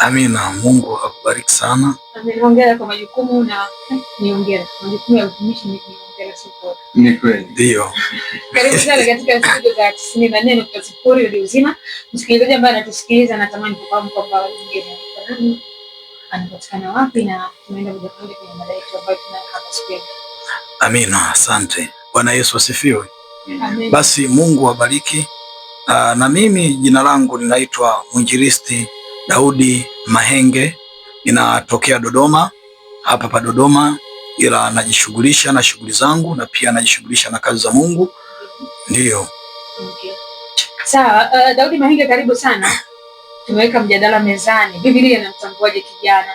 Amina, Mungu akubariki sana. Ni kweli ndio. Karibu sana katika studio za tisini na nne nukta sifuri Radio Uzima. Msikilizaji ambaye anatusikiliza anatamani kufahamu kwamba anapatikana wapi na tunaenda moja kwa moja kwenye mada yetu ambayo tunayo hapa siku hii. Amina, asante. Bwana Yesu asifiwe. Basi Mungu awabariki. Uh, na mimi jina langu ninaitwa Mwinjilisti Daudi Mahenge, ninatokea Dodoma, hapa pa Dodoma, ila najishughulisha na shughuli zangu na pia najishughulisha na kazi za Mungu, ndiyo. Okay. Sawa, uh, Daudi Mahenge, karibu sana. Tumeweka mjadala mezani, Biblia inamtambuaje kijana,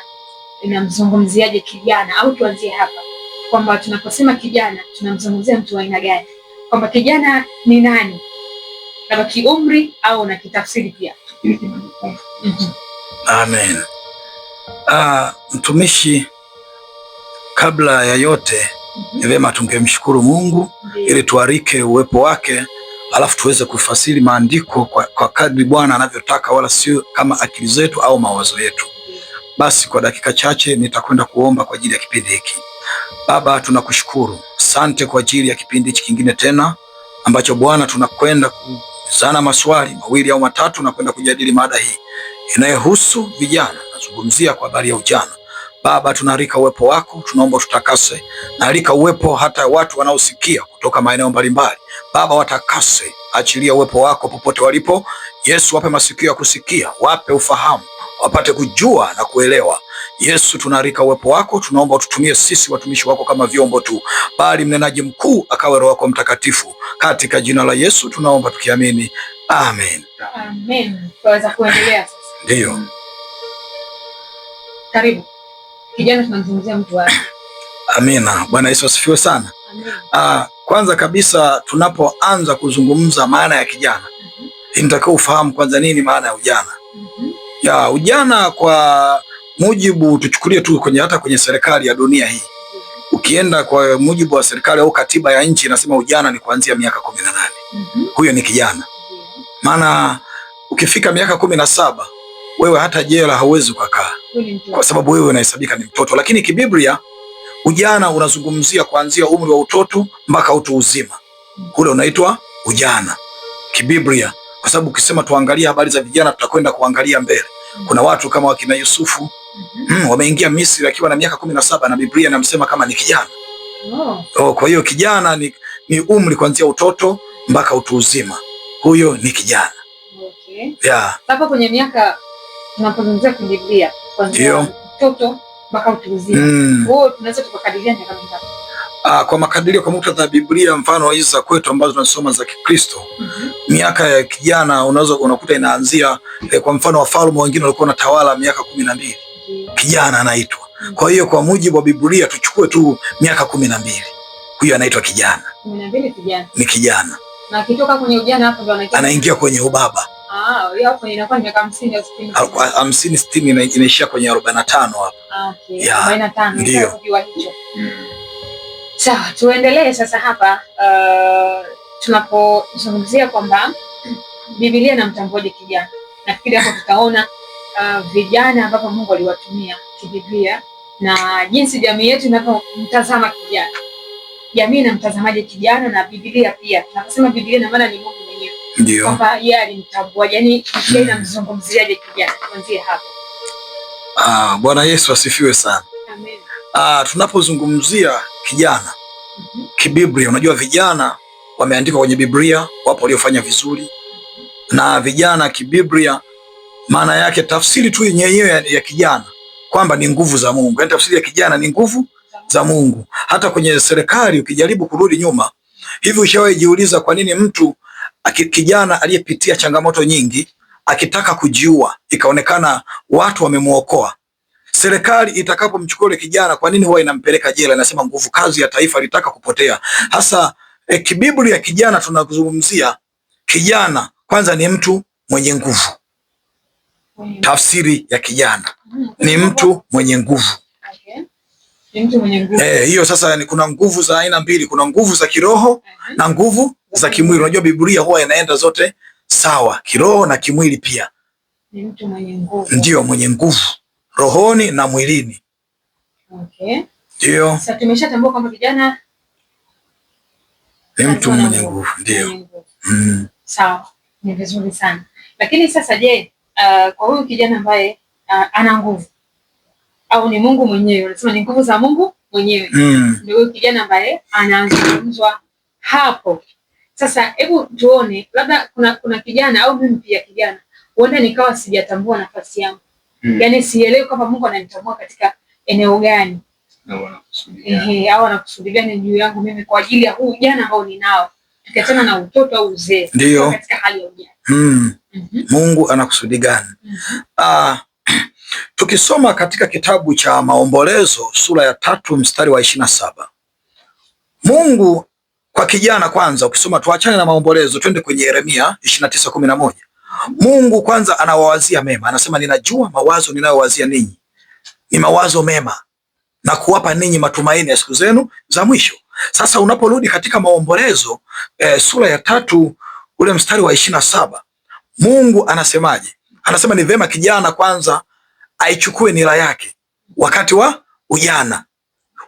inamzungumziaje kijana? Au tuanzie hapa kwamba tunaposema kijana tunamzungumzia mtu wa aina gani, kwamba kijana ni nani? kama kiumri au na kitafsiri pia. Amen. Ah, mtumishi, kabla ya yote ni vema tungemshukuru Mungu ili tuarike uwepo wake alafu tuweze kufasiri maandiko kwa, kwa kadri Bwana anavyotaka wala sio kama akili zetu au mawazo yetu. Basi kwa dakika chache nitakwenda kuomba kwa ajili ya kipindi hiki. Baba, tunakushukuru, asante kwa ajili ya kipindi hiki kingine tena ambacho Bwana tunakwenda ku sana maswali mawili au matatu na kwenda kujadili mada hii inayohusu vijana. Nazungumzia kwa habari ya ujana. Baba, tunaalika uwepo wako, tunaomba tutakase. Naalika uwepo hata watu wanaosikia kutoka maeneo mbalimbali. Baba, watakase, achilia uwepo wako popote walipo. Yesu, wape masikio ya kusikia, wape ufahamu wapate kujua na kuelewa. Yesu, tunarika uwepo wako, tunaomba ututumie sisi watumishi wako kama vyombo tu, bali mnenaji mkuu akawe Roho wako Mtakatifu. Katika jina la Yesu tunaomba tukiamini, amen. Amen. Tuweza kuendelea sasa? Ndio. Mm. Karibu. Kijana, tunamzungumzia mtu wako. Amina. Bwana Yesu asifiwe sana. Amina. Ah, kwanza kabisa tunapoanza kuzungumza maana ya kijana, mm -hmm. inatakiwa ufahamu kwanza nini maana ya ujana. mm -hmm ya ujana kwa mujibu tuchukulie tu kwenye hata kwenye serikali ya dunia hii, ukienda kwa mujibu wa serikali au katiba ya nchi inasema ujana ni kuanzia miaka kumi na nane. mm -hmm. Huyo ni kijana, maana ukifika miaka kumi na saba wewe hata jela hauwezi ukakaa, kwa sababu wewe unahesabika ni mtoto. Lakini kibiblia ujana unazungumzia kuanzia umri wa utoto mpaka utu uzima, kule mhm. unaitwa ujana kibiblia kwa sababu ukisema tuangalie habari za vijana, tutakwenda kuangalia mbele. Kuna watu kama wakina Yusufu mm, wameingia Misri akiwa na miaka kumi na saba na Biblia inamsema kama ni kijana oh. oh. kwa hiyo kijana ni, ni umri kuanzia utoto mpaka utu uzima, huyo ni kijana okay. Yeah. Hapa kwenye miaka tunapozungumzia kibiblia kuanzia utoto mpaka utu uzima, mm. Oh, tunaweza tukakadiria miaka mingapi? Uh, kwa makadirio kwa muktadha wa Biblia, mfano hizi za kwetu ambazo tunasoma za Kikristo mm -hmm. miaka ya kijana unaweza unakuta inaanzia eh, kwa mfano wafalme wengine walikuwa wanatawala miaka kumi na mbili mhm. kijana anaitwa. Kwa hiyo kwa mujibu wa Biblia tuchukue tu miaka kumi na mbili, huyo anaitwa kijana, ni kijana na akitoka kwenye ujana hapo ndo anaingia kwenye ubaba ah, hamsini sitini inaishia kwenye arobaini na tano hapo, ah, ndio Sawa, tuendelee sasa hapa. Uh, tunapozungumzia kwamba Biblia inamtambuaje kijana, nafikiri hapo tutaona uh, vijana ambavyo Mungu aliwatumia kibiblia na jinsi jamii yetu inavyomtazama kijana. Jamii inamtazamaje kijana na Biblia pia, tunaposema Biblia na maana ni Mungu mwenyewe, ndio kwamba yeye alimtambua, yani Biblia mm. inamzungumziaje kijana? Tuanzie hapo. Ah, Bwana Yesu asifiwe sana. Amen. Ah, tunapozungumzia kijana kibiblia. Unajua vijana wameandikwa kwenye Biblia, wapo waliofanya vizuri na vijana kibiblia, maana yake tafsiri tu yenyewe ya, ya kijana kwamba ni nguvu za Mungu. Yani tafsiri ya kijana ni nguvu za Mungu. Hata kwenye serikali ukijaribu kurudi nyuma hivi, ushawahi jiuliza kwa nini mtu kijana aliyepitia changamoto nyingi akitaka kujiua ikaonekana watu wamemwokoa serikali itakapomchukua yule kijana, kwa nini huwa inampeleka jela? Inasema nguvu kazi ya taifa litaka kupotea. Hasa e, eh, kibibuli ya kijana tunazungumzia kijana, kwanza ni mtu mwenye nguvu. Tafsiri ya kijana ni mtu mwenye nguvu eh, hiyo sasa ni kuna nguvu za aina mbili, kuna nguvu za kiroho uh -huh. na nguvu za kimwili. Unajua Biblia huwa inaenda zote sawa, kiroho na kimwili pia. Ni mtu mwenye nguvu, ndio mwenye nguvu rohoni na mwilini. Okay. Ndio. Sasa tumeshatambua kwamba kijana ni mtu mwenye nguvu. Ndio. Mm. Sawa. Ni vizuri sana. Lakini sasa je, uh, kwa huyu kijana ambaye uh, ana nguvu au ni Mungu mwenyewe, unasema ni nguvu za Mungu mwenyewe mm. Ndio huyu kijana ambaye anazungumzwa hapo. Sasa hebu tuone, labda kuna kuna kijana au mimi pia kijana, huenda nikawa sijatambua nafasi yangu mm. Yani sielewi kwamba Mungu ananitambua katika eneo gani au anakusudia gani juu yangu mimi kwa ajili ya huu ujana ambao ninao, tukiachana na utoto au uzee, ndio katika hali ya ujana mm. mm -hmm. Mhm. Mungu anakusudi gani? mm -hmm. Ah, tukisoma katika kitabu cha Maombolezo sura ya tatu mstari wa ishirini na saba Mungu kwa kijana kwanza, ukisoma tuachane na Maombolezo, twende kwenye Yeremia ishirini na tisa kumi na moja Mungu kwanza anawawazia mema, anasema ninajua mawazo ninayowazia ninyi ni mawazo mema na kuwapa ninyi matumaini ya siku zenu za mwisho. Sasa unaporudi katika maombolezo e, sura ya tatu ule mstari wa ishirini na saba Mungu anasemaje? Anasema ni vema kijana kwanza aichukue nira yake wakati wa ujana.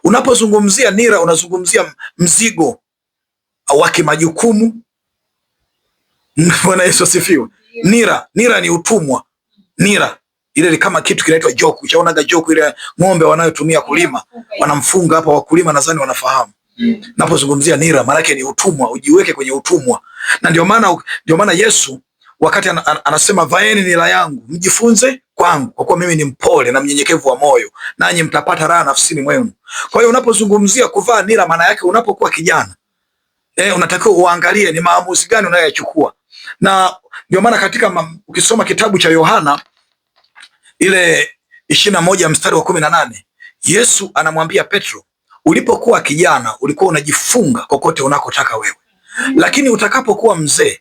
Unapozungumzia nira, unazungumzia mzigo wa kimajukumu. Bwana Yesu asifiwe nira. Nira ni utumwa. Nira ile ni kama kitu kinaitwa joku. Ushaonaga joku ile ng'ombe wanayotumia kulima, wanamfunga hapa. Wakulima nadhani wanafahamu napozungumzia nira, maana ni utumwa. Ujiweke kwenye utumwa, na ndio maana ndio maana Yesu wakati an, an, anasema vaeni nira yangu mjifunze kwangu, kwa kuwa mimi ni mpole na mnyenyekevu wa moyo, nanyi mtapata raha nafsini mwenu. Kwa hiyo unapozungumzia kuvaa nira, maana yake unapokuwa kijana eh, unatakiwa uangalie ni maamuzi gani unayoyachukua na ndio maana katika ukisoma kitabu cha Yohana ile ishirini na moja mstari wa kumi na nane Yesu anamwambia Petro, ulipokuwa kijana ulikuwa unajifunga kokote unakotaka wewe, lakini utakapokuwa mzee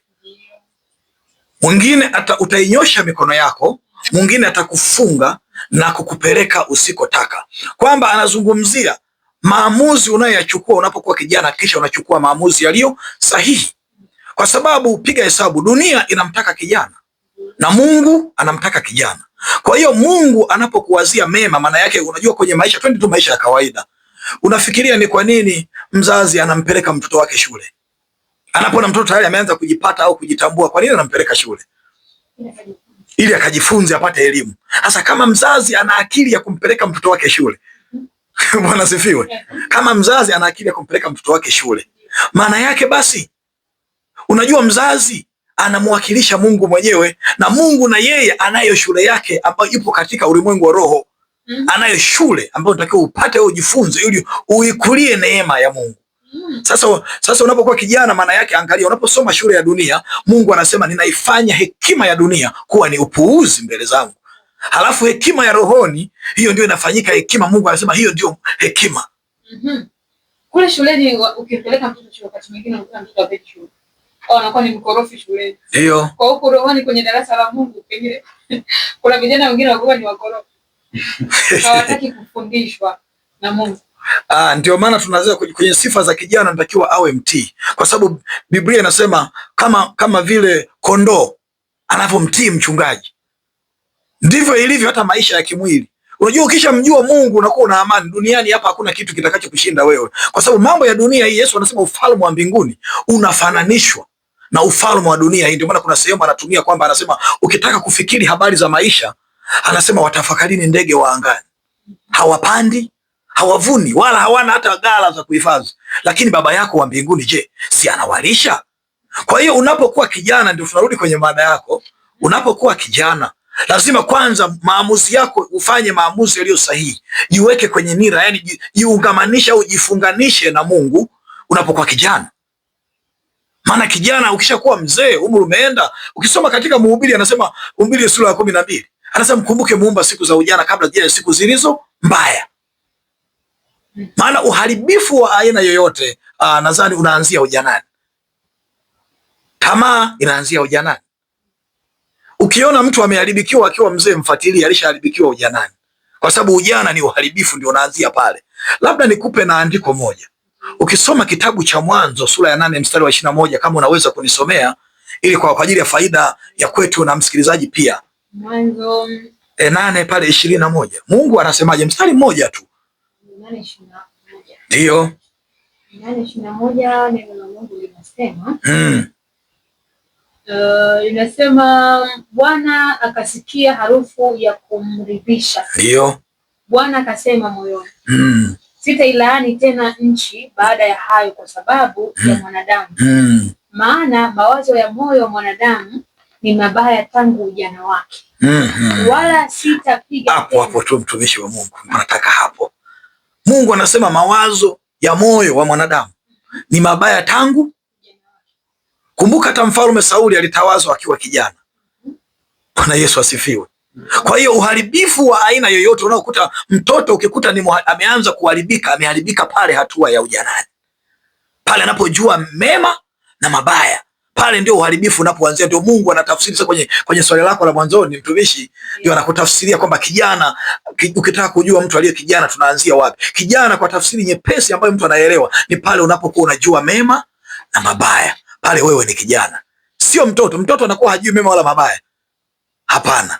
mwingine utainyosha mikono yako, mwingine atakufunga na kukupeleka usikotaka. Kwamba anazungumzia maamuzi unayoyachukua unapokuwa kijana, kisha unachukua maamuzi yaliyo sahihi kwa sababu piga hesabu, dunia inamtaka kijana na Mungu anamtaka kijana. Kwa hiyo Mungu anapokuwazia mema, maana yake unajua, kwenye maisha, twende tu maisha ya kawaida, unafikiria ni kwa nini mzazi anampeleka mtoto wake shule anapoona mtoto tayari ameanza kujipata au kujitambua, kwa nini anampeleka shule? Ili akajifunze apate elimu. Sasa kama mzazi ana akili ya kumpeleka mtoto wake shule Bwana sifiwe. Kama mzazi ana akili ya kumpeleka mtoto wake shule, maana yake basi Unajua mzazi anamwakilisha Mungu mwenyewe na Mungu na yeye anayo shule yake ambayo ipo katika ulimwengu wa roho. Mm. Anayo shule ambayo unatakiwa upate ujifunze ili uikulie neema ya Mungu. Mm. Sasa sasa unapokuwa kijana maana yake angalia unaposoma shule ya dunia, Mungu anasema ninaifanya hekima ya dunia kuwa ni upuuzi mbele zangu. Halafu hekima ya rohoni hiyo ndio inafanyika hekima. Mungu anasema hiyo ndio hekima. Mm -hmm. Kule shuleni ukipeleka mtoto shule wakati mwingine unakuta mtoto apeki shule wanakuwa oh, ni mkorofi shuleni. Ndio. Kwa huko rohoni kwenye darasa la Mungu pengine kuna vijana wengine walikuwa ni wakorofi. Hawataki kufundishwa na Mungu. Ah, ndio maana tunaweza kwenye sifa za kijana anatakiwa awe mtii, kwa sababu Biblia inasema kama kama vile kondoo anavyomtii mchungaji, ndivyo ilivyo hata maisha ya kimwili. Unajua, ukishamjua Mungu unakuwa una amani duniani. Hapa hakuna kitu kitakachokushinda wewe, kwa sababu mambo ya dunia hii, Yesu anasema ufalme wa mbinguni unafananishwa na ufalme wa dunia hii. Ndio maana kuna sehemu anatumia kwamba anasema ukitaka kufikiri habari za maisha, anasema watafakarini ndege wa angani, hawapandi hawavuni wala hawana hata ghala za kuhifadhi, lakini baba yako wa mbinguni, je, si anawalisha? Kwa hiyo unapokuwa kijana, ndio tunarudi kwenye mada yako. Unapokuwa kijana, lazima kwanza maamuzi yako ufanye maamuzi yaliyo sahihi, jiweke kwenye nira, yani jiungamanishe au jifunganishe na Mungu unapokuwa kijana. Maana kijana ukishakuwa mzee, umri umeenda. Ukisoma katika Mhubiri anasema Mhubiri sura ya kumi na mbili anasema mkumbuke muumba siku za ujana kabla ya siku zilizo mbaya. Maana uharibifu wa aina yoyote uh, nadhani unaanzia ujanani. Tamaa inaanzia ujanani. Ukiona mtu ameharibikiwa akiwa mzee, mfuatilie, alishaharibikiwa ujanani, kwa sababu ujana ni uharibifu, ndio unaanzia pale. Labda nikupe na andiko moja Ukisoma kitabu cha Mwanzo sura ya nane mstari wa ishirini na moja kama unaweza kunisomea ili kwa ajili ya faida ya kwetu na msikilizaji pia. Mwanzo e, nane pale ishirini na moja Mungu anasemaje? Mstari mmoja tu ndiyo. Uh, hmm. eh, inasema Bwana akasikia harufu ya kumridhisha. Ndio. Bwana akasema moyoni. Mm sitailaani tena nchi baada ya hayo kwa sababu ya hmm. mwanadamu, hmm. maana mawazo ya moyo wa mwanadamu ni mabaya tangu ujana wake, hmm, wala sitapiga hapo hapo tu. Mtumishi wa Mungu, nataka hapo. Mungu anasema mawazo ya moyo wa mwanadamu ni mabaya tangu. Kumbuka hata mfalme Sauli alitawazwa akiwa kijana. Bwana Yesu asifiwe. Kwa hiyo uharibifu wa aina yoyote unaokuta mtoto, ukikuta ni ameanza kuharibika, ameharibika pale hatua ya ujanani, pale anapojua mema na mabaya, pale ndio uharibifu unapoanzia. Ndio Mungu anatafsiri sasa. Kwenye, kwenye swali lako la mwanzoni, mtumishi, ndio anakutafsiria kwamba kijana, ukitaka kujua mtu aliye kijana tunaanzia wapi? Kijana kwa tafsiri nyepesi ambayo mtu anaelewa ni pale unapokuwa unajua mema na mabaya, pale wewe ni kijana, sio mtoto. Mtoto anakuwa hajui mema wala mabaya, hapana.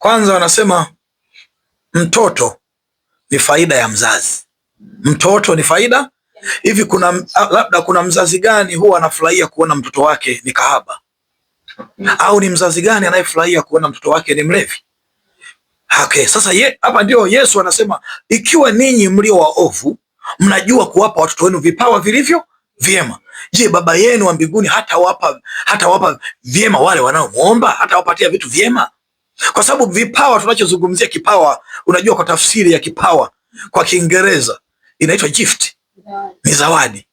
Kwanza wanasema mtoto ni faida ya mzazi, mtoto ni faida hivi. Kuna labda kuna mzazi gani huwa anafurahia kuona mtoto wake ni kahaba? Au ni mzazi gani anayefurahia kuona mtoto wake ni mlevi? Okay, sasa hapa ndio Yesu anasema ikiwa ninyi mlio waovu mnajua kuwapa watoto wenu vipawa vilivyo vyema, je, baba yenu wa mbinguni hatawapa hatawapa vyema wale wanaomwomba? Hatawapatia vitu vyema? kwa sababu vipawa tunachozungumzia kipawa, unajua kwa tafsiri ya kipawa kwa Kiingereza inaitwa gift, ni zawadi.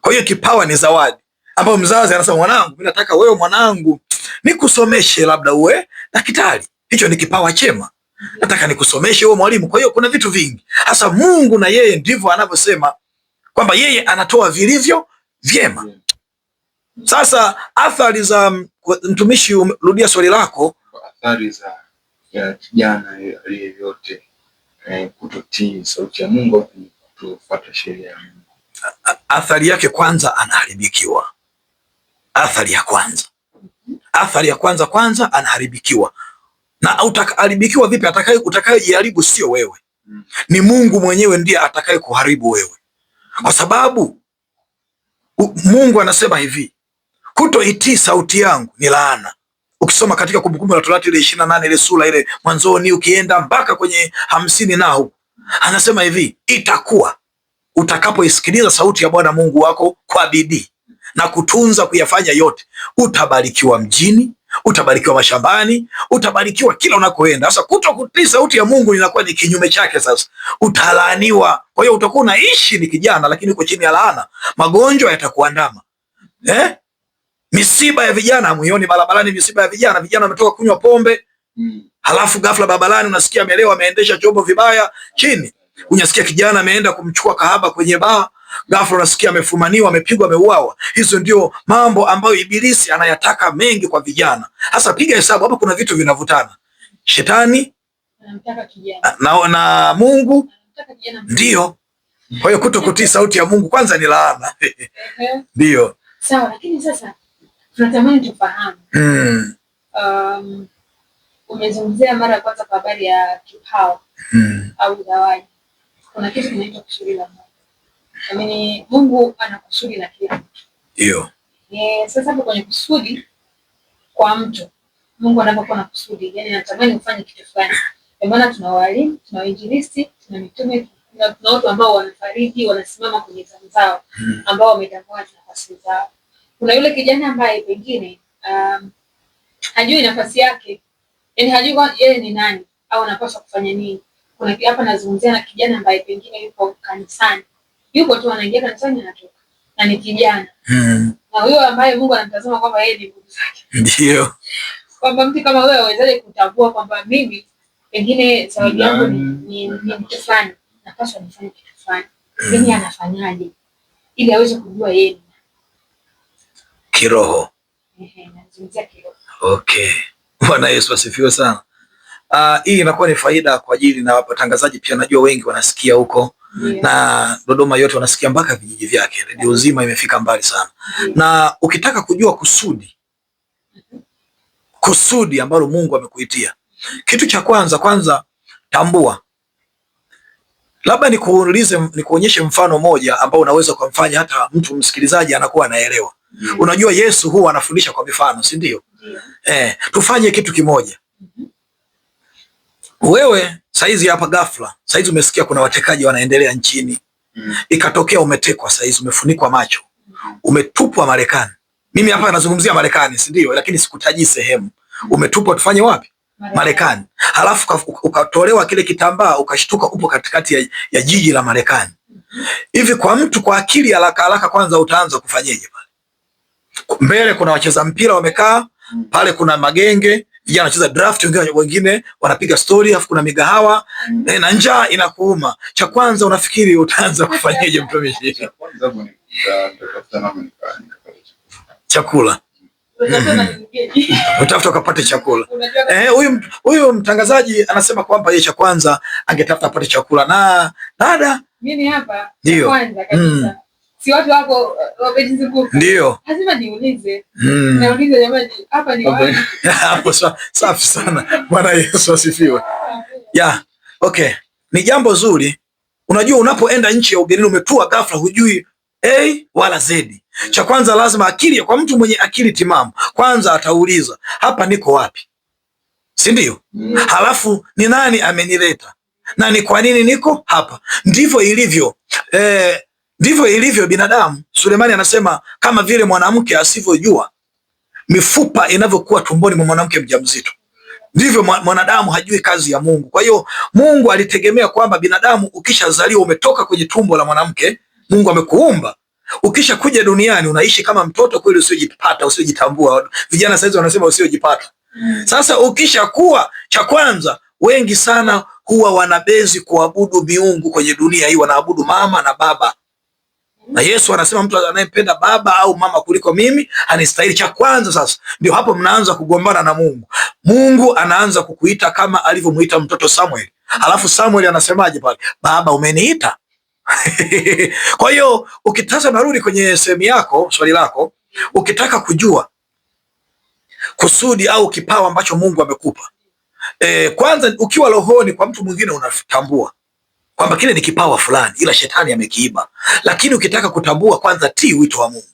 Kwa hiyo kipawa ni zawadi ambayo mzazi anasema, mwanangu, mimi nataka wewe mwanangu nikusomeshe labda uwe daktari. Hicho ni kipawa chema, nataka nikusomeshe uwe mwalimu. Kwa hiyo kuna vitu vingi, hasa Mungu na yeye ndivyo anavyosema kwamba yeye anatoa vilivyo vyema. Sasa athari za mtumishi, rudia swali lako athari za ya kijana aliye yote eh, kutotii sauti ya Mungu, kutofuata sheria ya Mungu. Athari yake kwanza, anaharibikiwa. Athari ya kwanza, athari ya kwanza kwanza, anaharibikiwa. Na utaharibikiwa vipi? Atakaye utakayejaribu sio wewe, hmm. ni Mungu mwenyewe ndiye atakaye kuharibu wewe, kwa sababu Mungu anasema hivi, kutoitii sauti yangu ni laana ukisoma katika Kumbukumbu la Torati ile ishirini na nane ile sura ile mwanzoni ukienda mpaka kwenye hamsini na huko anasema hivi, itakuwa utakapoisikiliza sauti ya Bwana Mungu wako kwa bidii na kutunza kuyafanya yote, utabarikiwa mjini, utabarikiwa mashambani, utabarikiwa kila unakoenda. Sasa kuto kutii sauti ya Mungu inakuwa ni kinyume chake, sasa utalaaniwa. Kwa hiyo utakuwa unaishi ni kijana, lakini uko chini ya laana, magonjwa yatakuandama eh? Misiba ya vijana mwioni barabarani, misiba ya vijana, vijana wametoka kunywa pombe mm. Halafu ghafla barabarani unasikia amelewa, ameendesha chombo vibaya chini, unasikia kijana ameenda kumchukua kahaba kwenye baa, ghafla unasikia amefumaniwa, amepigwa, ameuawa. Hizo ndio mambo ambayo Ibilisi anayataka mengi kwa vijana. Hasa piga hesabu hapa, kuna vitu vinavutana. Shetani na, na Mungu ndio Kwa hiyo kuto kutii sauti ya Mungu kwanza ni laana Ndio. Sawa, lakini sasa tunatamani tufahamu mm. Um, umezungumzia mara ya kwanza kwa habari ya kipao mm. au zawadi. Kuna kitu kinaitwa kusudi la Mungu, amini Mungu ana kusudi na kila mtu ndio. Yes, sasa hapo kwenye kusudi kwa mtu Mungu anapokuwa na kusudi, yani anatamani kufanya kitu fulani. Kwa maana tuna walimu, tuna wainjilisti, tuna mitume, tuna watu ambao wamefariki, wanasimama kwenye zamu zao, hmm. ambao wametambua nafasi zao kuna yule kijana ambaye pengine um, hajui nafasi yake, yani hajui yeye ni nani au anapaswa kufanya nini. Kuna hapa nazungumzia na kijana ambaye pengine yuko kanisani, yuko tu anaingia kanisani anatoka, na ni kijana hmm. na huyo ambaye Mungu anamtazama kwamba yeye ni nguvu zake, ndio kwamba mtu kama wewe awezaje kutambua kwamba mimi pengine sababu yangu ni ni, mtu fulani, napaswa nifanye kitu fulani, pengine hmm. anafanyaje ili aweze kujua yeye kiroho. Okay. Bwana Yesu asifiwe sana. Uh, hii inakuwa ni faida kwa ajili na watangazaji pia, najua wengi wanasikia huko yes. Na Dodoma yote wanasikia mpaka vijiji vyake, redio nzima imefika mbali sana yes. Na ukitaka kujua kusudi kusudi ambalo Mungu amekuitia, kitu cha kwanza kwanza tambua. Labda nikuulize, nikuonyeshe mfano moja ambao unaweza kumfanya hata mtu msikilizaji anakuwa anaelewa. Yeah. Unajua Yesu huwa anafundisha kwa mifano, si ndio? Yeah. Eh, tufanye kitu kimoja. Mm -hmm. Wewe saizi hapa ghafla, saizi umesikia kuna watekaji wanaendelea nchini. Mm -hmm. Ikatokea umetekwa saizi, umefunikwa macho. Mm -hmm. Umetupwa Marekani. Mimi hapa nazungumzia Marekani, si ndio? Lakini sikutaji sehemu. Mm-hmm. Umetupwa tufanye wapi? Marekani. Halafu ukatolewa kile kitambaa ukashtuka upo katikati ya, ya jiji la Marekani. Mm-hmm. Hivi kwa mtu kwa akili haraka haraka kwanza utaanza kufanyeje? mbele kuna wacheza mpira wamekaa pale, kuna magenge vijana wanacheza draft, wengine wengine wanapiga stori, afu kuna migahawa mm. Eh, na njaa inakuuma. Cha kwanza unafikiri utaanza kufanyaje mtumishi? chakula utafuta mm-hmm. ukapate chakula. Eh, huyu huyu mtangazaji anasema kwamba yeye cha kwanza angetafuta apate chakula na dada, mimi hapa ndio kwanza kabisa mm si watu wako wamejizunguka. Ndio lazima niulize, mm. Naulize jamani, hapa ni wapi? Hapo safi sana. Bwana Yesu asifiwe. ya Yeah, okay, ni jambo zuri. Unajua, unapoenda nchi ya ugenini, umetua ghafla, hujui A wala Z. Cha kwanza lazima akili, kwa mtu mwenye akili timamu, kwanza atauliza hapa niko wapi, si ndio? Mm. Halafu ni nani amenileta na ni kwa nini niko hapa. Ndivyo ilivyo eh, Ndivyo ilivyo binadamu. Sulemani anasema kama vile mwanamke asivyojua mifupa inavyokuwa tumboni mwa mwanamke mjamzito, ndivyo mwanadamu hajui kazi ya Mungu. Kwa hiyo Mungu alitegemea kwamba binadamu ukishazaliwa, umetoka kwenye tumbo la mwanamke, Mungu amekuumba ukisha kuja duniani unaishi kama mtoto kweli, usiojipata usiojitambua. Vijana saizi wanasema usiojipata. Sasa ukisha kuwa, cha kwanza wengi sana huwa wanabezi kuabudu miungu kwenye dunia hii, wanaabudu mama na baba na Yesu anasema mtu anayempenda baba au mama kuliko mimi anistahili. Cha kwanza sasa, ndio hapo mnaanza kugombana na Mungu. Mungu anaanza kukuita kama alivyomuita mtoto Samuel. Alafu Samuel anasemaje pale? Baba umeniita. Kwa hiyo ukitaka, narudi kwenye sehemu yako, swali lako, ukitaka kujua kusudi au kipawa ambacho Mungu amekupa e, kwanza ukiwa rohoni kwa mtu mwingine unatambua kwamba kile ni kipawa fulani, ila shetani amekiiba. Lakini ukitaka kutambua, kwanza ti wito wa Mungu,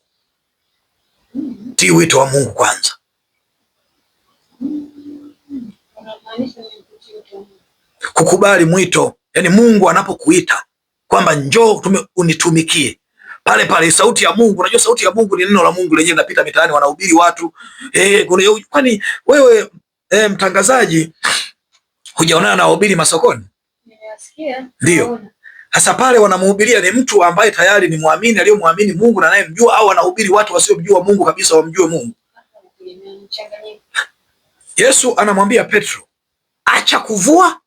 ti wito wa Mungu kwanza. Kukubali mwito, yani Mungu anapokuita kwamba njoo unitumikie pale pale, sauti ya Mungu. Unajua sauti ya Mungu ni neno la Mungu lenyewe, linapita mitaani, wanahubiri watu eh, kwani wewe eh, mtangazaji, hujaonana na wahubiri masokoni? Ndio hasa pale wanamhubiria ni mtu ambaye tayari ni muamini aliyomwamini Mungu na naye mjua, au anahubiri watu wasiomjua Mungu kabisa wamjue Mungu? Yesu anamwambia Petro, acha kuvua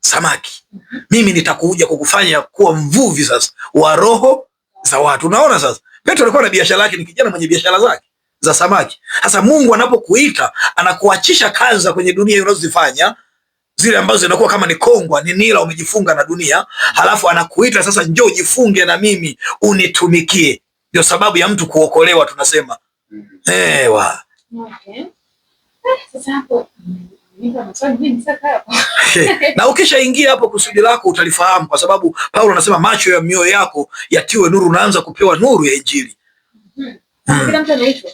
samaki, mimi nitakuja kukufanya kuwa mvuvi sasa wa roho za watu. Unaona sasa, Petro alikuwa na biashara yake, ni kijana mwenye biashara zake za samaki. Sasa Mungu anapokuita anakuachisha kazi za kwenye dunia unazozifanya zile ambazo zinakuwa kama ni kongwa ni nila umejifunga na dunia, halafu anakuita sasa, njoo jifunge na mimi unitumikie. Ndio sababu ya mtu kuokolewa tunasema mm-hmm. ewa. Eh, eh, na ukishaingia hapo kusudi lako utalifahamu, kwa sababu Paulo anasema macho ya mioyo yako yatiwe nuru. Unaanza kupewa nuru ya Injili. mm -hmm. mm.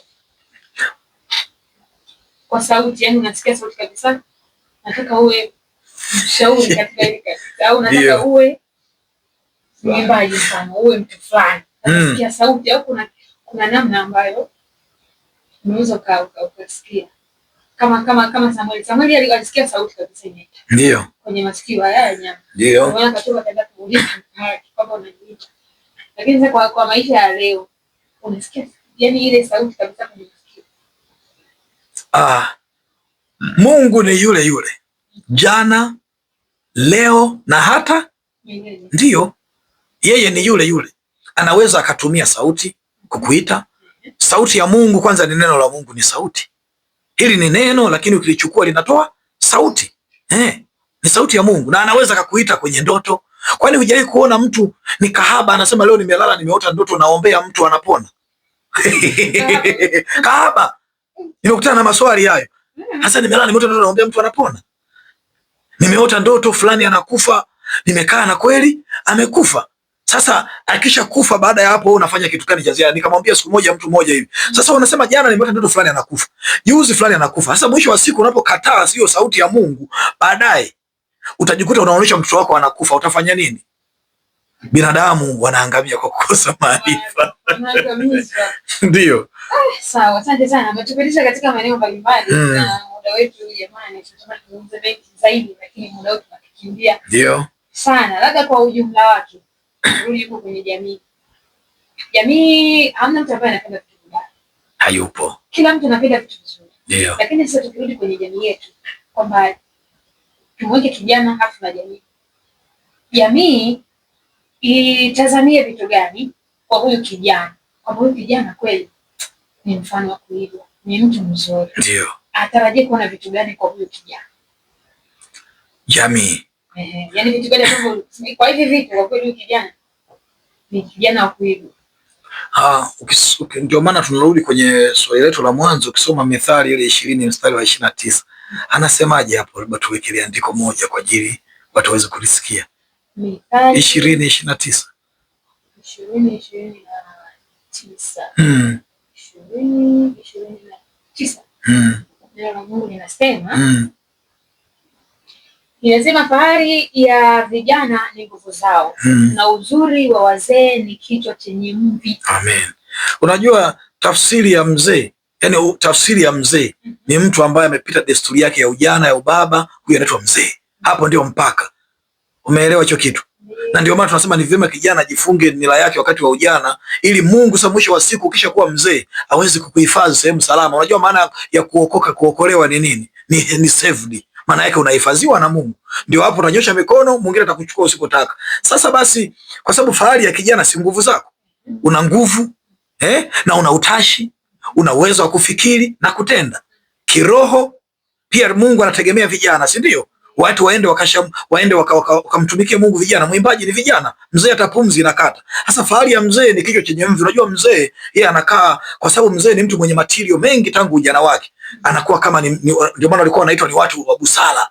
Kwa sauti, yani unasikia sauti kabisa nataka uwe mshauri katika hili kazi, au nataka uwe mwimbaji sana, uwe mtu fulani. Mm. nasikia sauti au kuna kuna namna ambayo unaweza ukasikia kama kama kama Samueli. Samueli alisikia sauti kabisa inaita. Ndio. Kwenye masikio haya ya nyama. Ndio. Kwa maana katoka kaenda kuuliza kwamba unajiita. Lakini kwa kwa maisha ya leo unasikia yani ile sauti kabisa kwenye masikio. Ah. Mungu ni yule yule jana, leo na hata ndiyo, yeye ni yule yule. Anaweza akatumia sauti kukuita. Sauti ya Mungu kwanza ni neno la Mungu, ni sauti. Hili ni neno, lakini ukilichukua linatoa sauti eh, ni sauti ya Mungu, na anaweza akakuita kwenye ndoto. Kwani hujawahi kuona mtu ni kahaba anasema leo nimelala nimeota ndoto naombea mtu anapona? Kahaba, nimekutana na maswali hayo. Hasa nimelala nimeota ndoto naombea mtu anapona. Nimeota ndoto fulani anakufa, nimekaa na kweli amekufa. Sasa akisha kufa baada ya hapo unafanya kitu gani cha ziada? Nikamwambia siku moja mtu mmoja hivi. Sasa unasema jana nimeota ndoto fulani anakufa. Juzi fulani anakufa. Sasa mwisho wa siku unapokataa sio sauti ya Mungu, baadaye utajikuta unaonyesha mtoto wako anakufa, utafanya nini? Binadamu wanaangamia kwa kukosa maarifa. Ndio. Sawa, asante sana. Umetupitisha katika maeneo mbalimbali hmm. na muda wetu jamani, tunataka tuzungumze mengi zaidi, lakini muda wetu unakimbia. Ndio. Sana. Labda kwa ujumla wake, rudi huko kwenye jamii. Jamii hamna mtu ambaye anapenda vitu vibaya. Hayupo. Kila mtu anapenda vitu vizuri. Ndio. Lakini sasa tukirudi kwenye jamii yetu kwamba tumweke kijana hafu na jamii. Jamii itazamie vitu gani kwa huyu kijana? Kwa huyu kijana kweli ni mfano wa kuigwa, ni mtu mzuri. Ndio atarajie kuona vitu gani kwa huyo kijana jamii? Eh, yani vitu gani ambavyo kwa hivi vitu kwa kweli kijana ni kijana wa kuigwa. Ah, ndio maana tunarudi kwenye swali letu la mwanzo. Ukisoma Methali ile ishirini mstari wa ishirini na tisa anasemaje hapo? Labda tuwekelee andiko moja kwa ajili watu waweze kulisikia. ishirini ishirini na tisa ishirini ishirini na tisa. Hmm ishirini ishirini na tisa hmm. neno la Mungu linasema inasema fahari ya vijana ni nguvu zao mm. na uzuri wa wazee ni kichwa chenye mvi. Amen. Unajua tafsiri ya mzee, yani tafsiri ya mzee mm -hmm. ni mm-hmm. mtu ambaye amepita desturi yake ya ujana ya ubaba, huyo anaitwa mzee. Hapo ndio mpaka. Umeelewa hicho kitu? na ndio maana tunasema ni vyema kijana ajifunge nira yake wakati wa ujana, ili Mungu sa mwisho wa siku kisha kuwa mzee aweze kukuhifadhi sehemu salama. Unajua maana ya kuokoka kuokolewa ni nini? Ni, ni saved maana yake unahifadhiwa na Mungu. Ndio hapo unanyosha mikono, mwingine atakuchukua usipotaka. Sasa basi, kwa sababu fahari ya kijana si nguvu zako, una nguvu eh, na una utashi, una uwezo wa kufikiri na kutenda kiroho. Pia Mungu anategemea vijana, si ndio? watu waende wakasham, waende wakamtumikie waka, waka Mungu. Vijana mwimbaji ni vijana, mzee hata pumzi inakata. Sasa fahari ya mzee ni kichwa chenye mvi. Unajua mzee yeye anakaa kwa sababu mzee ni mtu mwenye matirio mengi tangu ujana wake, anakuwa kama ni ndio maana walikuwa wanaitwa ni watu wa busara,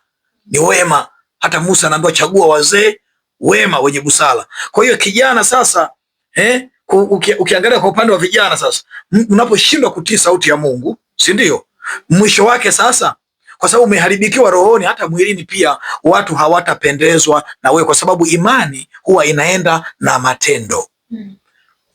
ni wema. Hata Musa anaambiwa chagua wazee wema wenye busara. Kwa hiyo kijana sasa eh, uki, ukiangalia kwa upande wa vijana sasa, unaposhindwa kutii sauti ya Mungu, si ndio mwisho wake sasa kwa sababu umeharibikiwa rohoni, hata mwilini pia watu hawatapendezwa na wewe, kwa sababu imani huwa inaenda na matendo. hmm.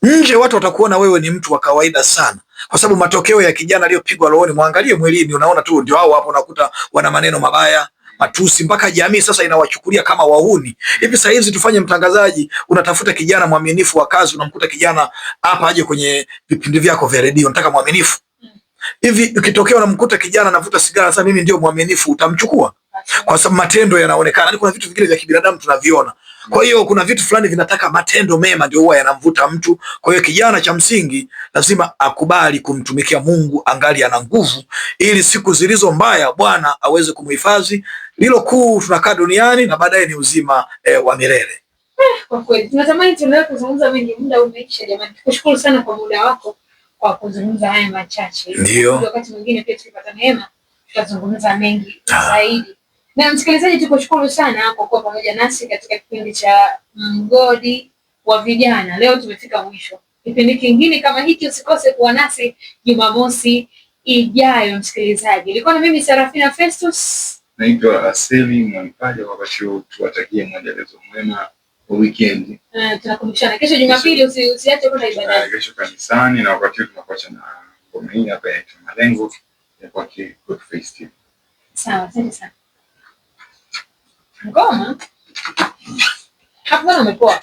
Nje watu watakuona wewe ni mtu wa kawaida sana, kwa sababu matokeo ya kijana aliyopigwa rohoni, mwangalie mwilini, unaona tu ndio hao hapo, unakuta wana maneno mabaya matusi mpaka jamii sasa inawachukulia kama wahuni. Hivi sasa hizi tufanye, mtangazaji, unatafuta kijana mwaminifu wa kazi, unamkuta kijana hapa aje kwenye vipindi vyako vya redio, nataka mwaminifu. Hivi ukitokea unamkuta kijana anavuta sigara, sasa mimi ndio mwaminifu, utamchukua? Kwa sababu matendo yanaonekana, yani kuna vitu vingine vya kibinadamu tunaviona. Kwa hiyo kuna vitu fulani vinataka matendo mema, ndio huwa yanamvuta mtu. Kwa hiyo kijana, cha msingi lazima akubali kumtumikia Mungu angali ana nguvu, ili siku zilizo mbaya Bwana aweze kumhifadhi. Lilo kuu tunakaa duniani na baadaye ni uzima eh, wa milele. Eh, kwa kweli tunatamani tuendelee kuzungumza mengi, muda umeisha jamani. Tukushukuru sana kwa muda wako kwa kuzungumza haya machache. Ndio, wakati mwingine pia tukipata neema tutazungumza mengi ah. zaidi. Na msikilizaji, tukushukuru sana kwa kuwa pamoja nasi katika kipindi cha mgodi wa vijana. Leo tumefika mwisho. Kipindi kingine kama hiki usikose kuwa nasi Jumamosi ijayo. Msikilizaji, ilikuwa na mimi Serafina Festus, naitwa Aseli Mwanipaja, Wakati huo tuwatakie mwendelezo mwema weekend. Eh, tunakumbushana kesho Jumapili usiache kwenda ah, ibada. Kesho kanisani na wakati huu tunakuacha na ngoma hii hapa ya malengo ya kwa Good Face Team. Sawa, asante sana. Ngoma? Hapo bwana umepoa.